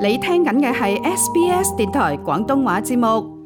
你聽緊嘅係 SBS 電台廣東話節目。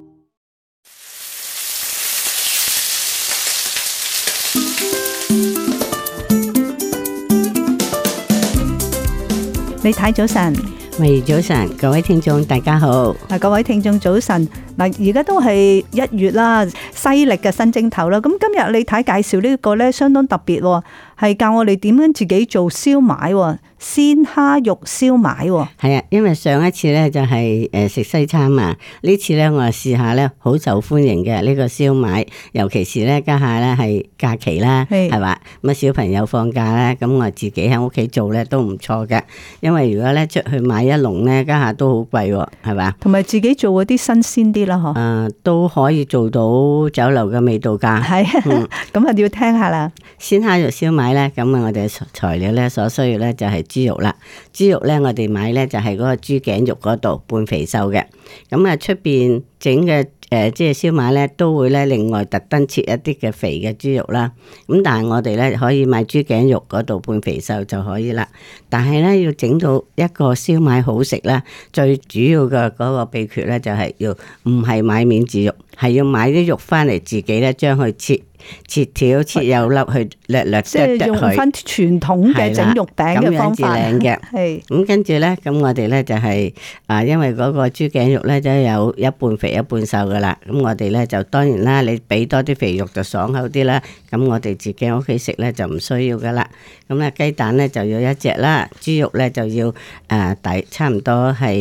你睇早晨，喂早晨，各位聽眾大家好。嗱，各位聽眾早晨。嗱，而家都係一月啦，西曆嘅新正頭啦。咁今日你睇介紹呢個咧，相當特別喎。係教我哋點樣自己做燒賣，鮮蝦肉燒賣。係啊，因為上一次咧就係誒食西餐啊，呢次咧我啊試下咧好受歡迎嘅呢個燒賣，尤其是咧家下咧係假期啦，係嘛的，咁啊小朋友放假咧，咁我自己喺屋企做咧都唔錯嘅，因為如果咧出去買一籠咧，家下都好貴，係嘛，同埋自己做嗰啲新鮮啲啦，嗬、呃，啊都可以做到酒樓嘅味道噶，係的，咁啊、嗯、 要聽下啦，鮮蝦肉燒賣。買咧，咁啊、嗯，我哋材料咧，所需要咧就係、是、豬肉啦。豬肉咧，我哋買咧就係、是、嗰個豬頸肉嗰度半肥瘦嘅。咁、嗯、啊，出邊整嘅誒，即係燒賣咧，都會咧另外特登切一啲嘅肥嘅豬肉啦。咁、嗯、但係我哋咧可以買豬頸肉嗰度半肥瘦就可以啦。但係咧要整到一個燒賣好食咧，最主要嘅嗰個祕訣咧就係、是、要唔係買免治肉，係要買啲肉翻嚟自己咧將佢切。切條切又粒去略略剁剁佢，即係用翻傳統嘅整肉餅嘅方法。係咁的跟住咧，咁我哋咧就係、是、啊，因為嗰個豬頸肉咧都有一半肥一半瘦噶啦。咁我哋咧就當然啦，你俾多啲肥肉就爽口啲啦。咁我哋自己屋企食咧就唔需要噶啦。咁咧雞蛋咧就要一隻啦，豬肉咧就要誒大差唔多係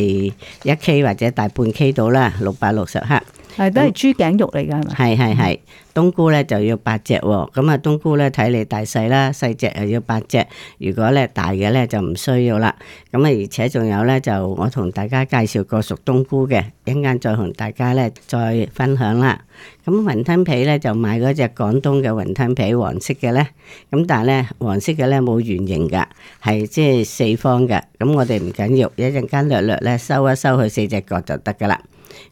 一 K 或者大半 K 到啦，六百六十克。係都係豬頸肉嚟噶，係嘛、嗯？係係係，冬菇咧就要八隻，咁啊冬菇咧睇你大細啦，細隻又要八隻，如果咧大嘅咧就唔需要啦。咁啊，而且仲有咧，就我同大家介紹個熟冬菇嘅，一陣間再同大家咧再分享啦。咁雲吞皮咧就買嗰隻廣東嘅雲吞皮，黃色嘅咧，咁但係咧黃色嘅咧冇圓形噶，係即係四方噶。咁我哋唔緊要，一陣間略略咧收一收佢四隻角就得噶啦。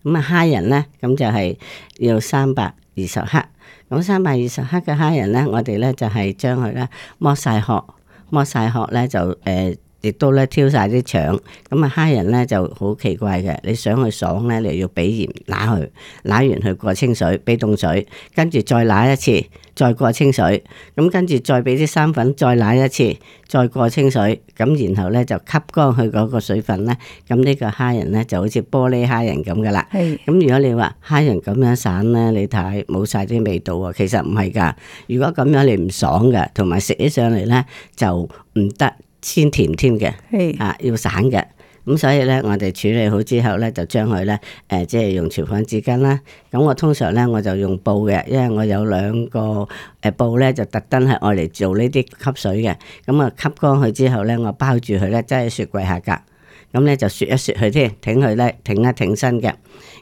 咁啊蝦仁咧，咁就係要三百二十克，咁三百二十克嘅蝦仁咧，我哋咧就係、是、將佢咧剝晒殼，剝晒殼咧就誒。呃亦都咧挑晒啲腸，咁啊蝦仁咧就好奇怪嘅。你想佢爽咧，你要俾鹽揦佢，揦完佢過清水，俾凍水，跟住再揦一次，再過清水，咁跟住再俾啲生粉，再揦一次，再過清水，咁然後咧就吸乾佢嗰個水分咧，咁呢個蝦仁咧就好似玻璃蝦仁咁噶啦。咁係如果你話蝦仁咁樣散咧，你睇冇晒啲味道喎。其實唔係㗎，如果咁樣你唔爽嘅，同埋食起上嚟咧就唔得。鮮甜添嘅，啊要散嘅，咁所以咧，我哋處理好之後咧，就將佢咧誒，即係用廚房紙巾啦。咁我通常咧我就用布嘅，因為我有兩個誒、呃、布咧，就特登係愛嚟做呢啲吸水嘅。咁啊吸乾佢之後咧，我包住佢咧，擠喺雪櫃下格。咁咧就雪一雪佢添，挺佢咧，挺一挺身嘅。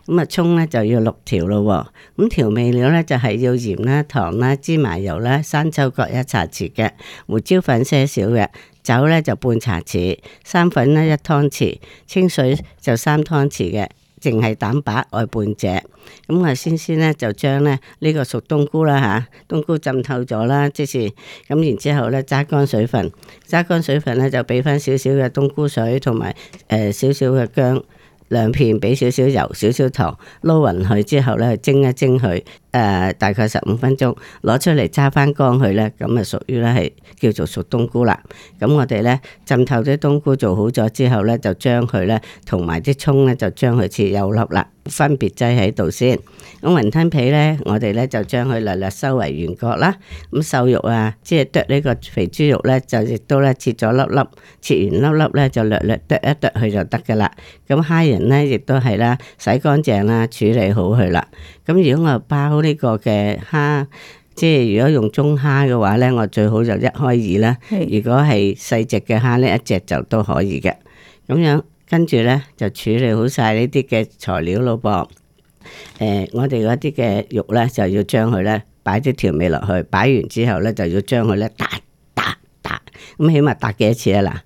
咁啊，葱咧就要六條咯。咁調味料咧就係、是、要鹽啦、糖啦、芝麻油啦、生抽各一茶匙嘅，胡椒粉些少嘅。酒咧就半茶匙，生粉咧一湯匙，清水就三湯匙嘅，淨係蛋白外半隻。咁、嗯、啊，我先先咧就將咧呢、這個熟冬菇啦吓、啊，冬菇浸透咗啦，即是咁、嗯，然之後咧揸乾水分，揸乾水分咧就俾翻少少嘅冬菇水，同埋誒少少嘅薑兩片，俾少少油，少少糖，撈匀佢之後咧蒸一蒸佢。誒大概十五分鐘攞出嚟揸翻乾去咧，咁啊屬於咧係叫做熟冬菇啦。咁我哋咧浸透啲冬菇做好咗之後咧，就將佢咧同埋啲葱咧就將佢切幼粒啦，分別擠喺度先。咁雲吞皮咧，我哋咧就將佢略略收為圓角啦。咁瘦肉啊，即係剁呢個肥豬肉咧，就亦都咧切咗粒粒，切完粒粒咧就略略剁一剁佢就得噶啦。咁蝦仁咧亦都係啦，洗乾淨啦，處理好佢啦。咁如果我包。呢個嘅蝦，即係如果用中蝦嘅話呢，我最好就一開二啦。是如果係細隻嘅蝦，呢一隻就都可以嘅。咁樣跟住呢，就處理好晒呢啲嘅材料咯噃、呃。我哋嗰啲嘅肉呢，就要將佢呢擺啲調味落去，擺完之後呢，就要將佢呢打打打，咁起碼打幾多次啊嗱？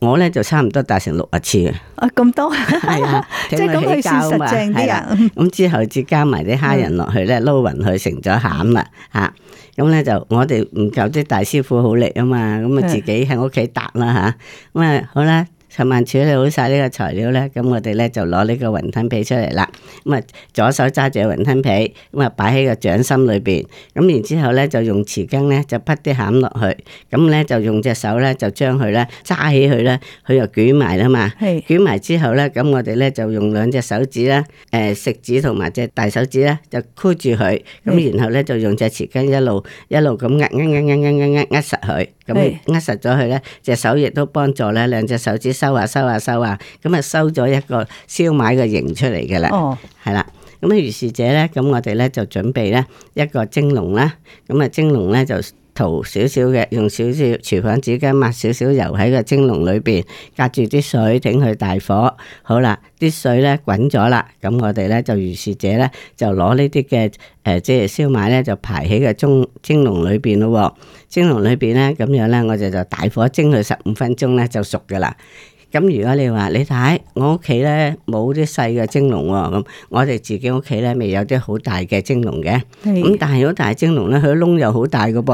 我咧就差唔多搭成六十次啊，咁多係 啊，嗯、即係咁去算實淨啲啊。咁、嗯、之後再加埋啲蝦仁落去咧，撈勻佢成咗餡啦。吓、嗯，咁咧、啊、就我哋唔夠啲大師傅好力啊嘛，咁啊自己喺屋企搭啦吓，咁啊好啦。尋晚處理好晒呢個材料咧，咁我哋咧就攞呢個雲吞皮出嚟啦。咁啊，左手揸住雲吞皮，咁啊擺喺個掌心裏邊。咁然之後咧，就用匙羹咧就啪啲餡落去。咁咧就用隻手咧就將佢咧揸起佢咧，佢又捲埋啦嘛。係。捲埋之後咧，咁我哋咧就用兩隻手指咧，誒食指同埋隻大手指咧就箍住佢。咁然後咧就用隻匙羹一路一路咁壓壓壓壓壓壓壓實佢。咁啊，嗯、握實咗佢咧，隻手亦都幫助咧，兩隻手指收下收下收下，咁啊收咗一,一個燒賣嘅形出嚟嘅啦，係啦，oh。咁啊，於是者咧，咁我哋咧就準備咧一個蒸籠啦，咁啊蒸籠咧就，塗少少嘅，用少少廚房紙巾抹少少油喺個蒸籠裏邊，隔住啲水，整去大火。好啦，啲水咧滾咗啦，咁我哋咧就如是者咧就攞呢啲嘅，誒，即係燒賣咧就排喺個蒸蒸籠裏邊咯。蒸籠裏邊咧咁樣咧，我哋就大火蒸佢十五分鐘咧就熟噶啦。咁如果你話你睇我屋企咧冇啲細嘅蒸籠喎，咁我哋自己屋企咧未有啲好大嘅蒸籠嘅，咁但係如果大蒸籠咧，佢個窿又好大嘅噃，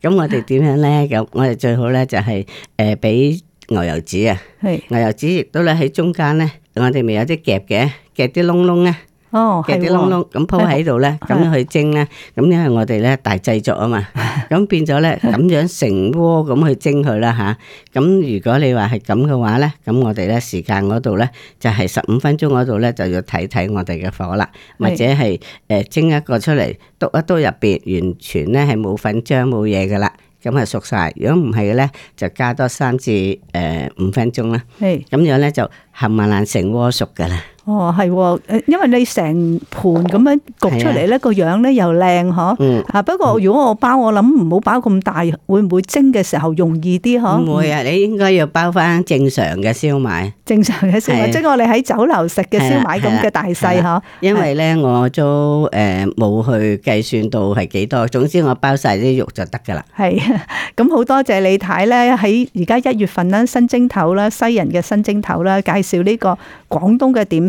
咁 我哋點樣咧？咁我哋最好咧就係誒俾牛油紙啊，的牛油紙亦都咧喺中間咧，我哋未有啲夾嘅夾啲窿窿咧。哦，啲窿窿咁鋪喺度咧，咁樣去蒸咧，咁的因為我哋咧大製作啊嘛，咁 變咗咧咁樣成鍋咁去蒸佢啦吓。咁、啊、如果你話係咁嘅話咧，咁我哋咧時間嗰度咧就係十五分鐘嗰度咧就要睇睇我哋嘅火啦，或者係誒蒸一個出嚟，篤一篤入邊，完全咧係冇粉漿冇嘢噶啦，咁啊熟晒。如果唔係咧，就加多三至誒五分鐘啦。係咁樣咧就冚唪唥成鍋熟噶啦。哦，係，誒，因為你成盤咁樣焗出嚟咧，個的樣咧又靚嗬，吓、嗯。不過如果我包，我諗唔好包咁大，會唔會蒸嘅時候容易啲嗬？唔會啊，嗯、你應該要包翻正常嘅燒賣。正常嘅燒賣，的即係我哋喺酒樓食嘅燒賣咁嘅大細嗬。因為咧，我都誒冇去計算到係幾多，總之我包晒啲肉就得噶啦。係啊，咁好多謝李太咧，喺而家一月份啦，新蒸頭啦，西人嘅新蒸頭啦，介紹呢個廣東嘅點。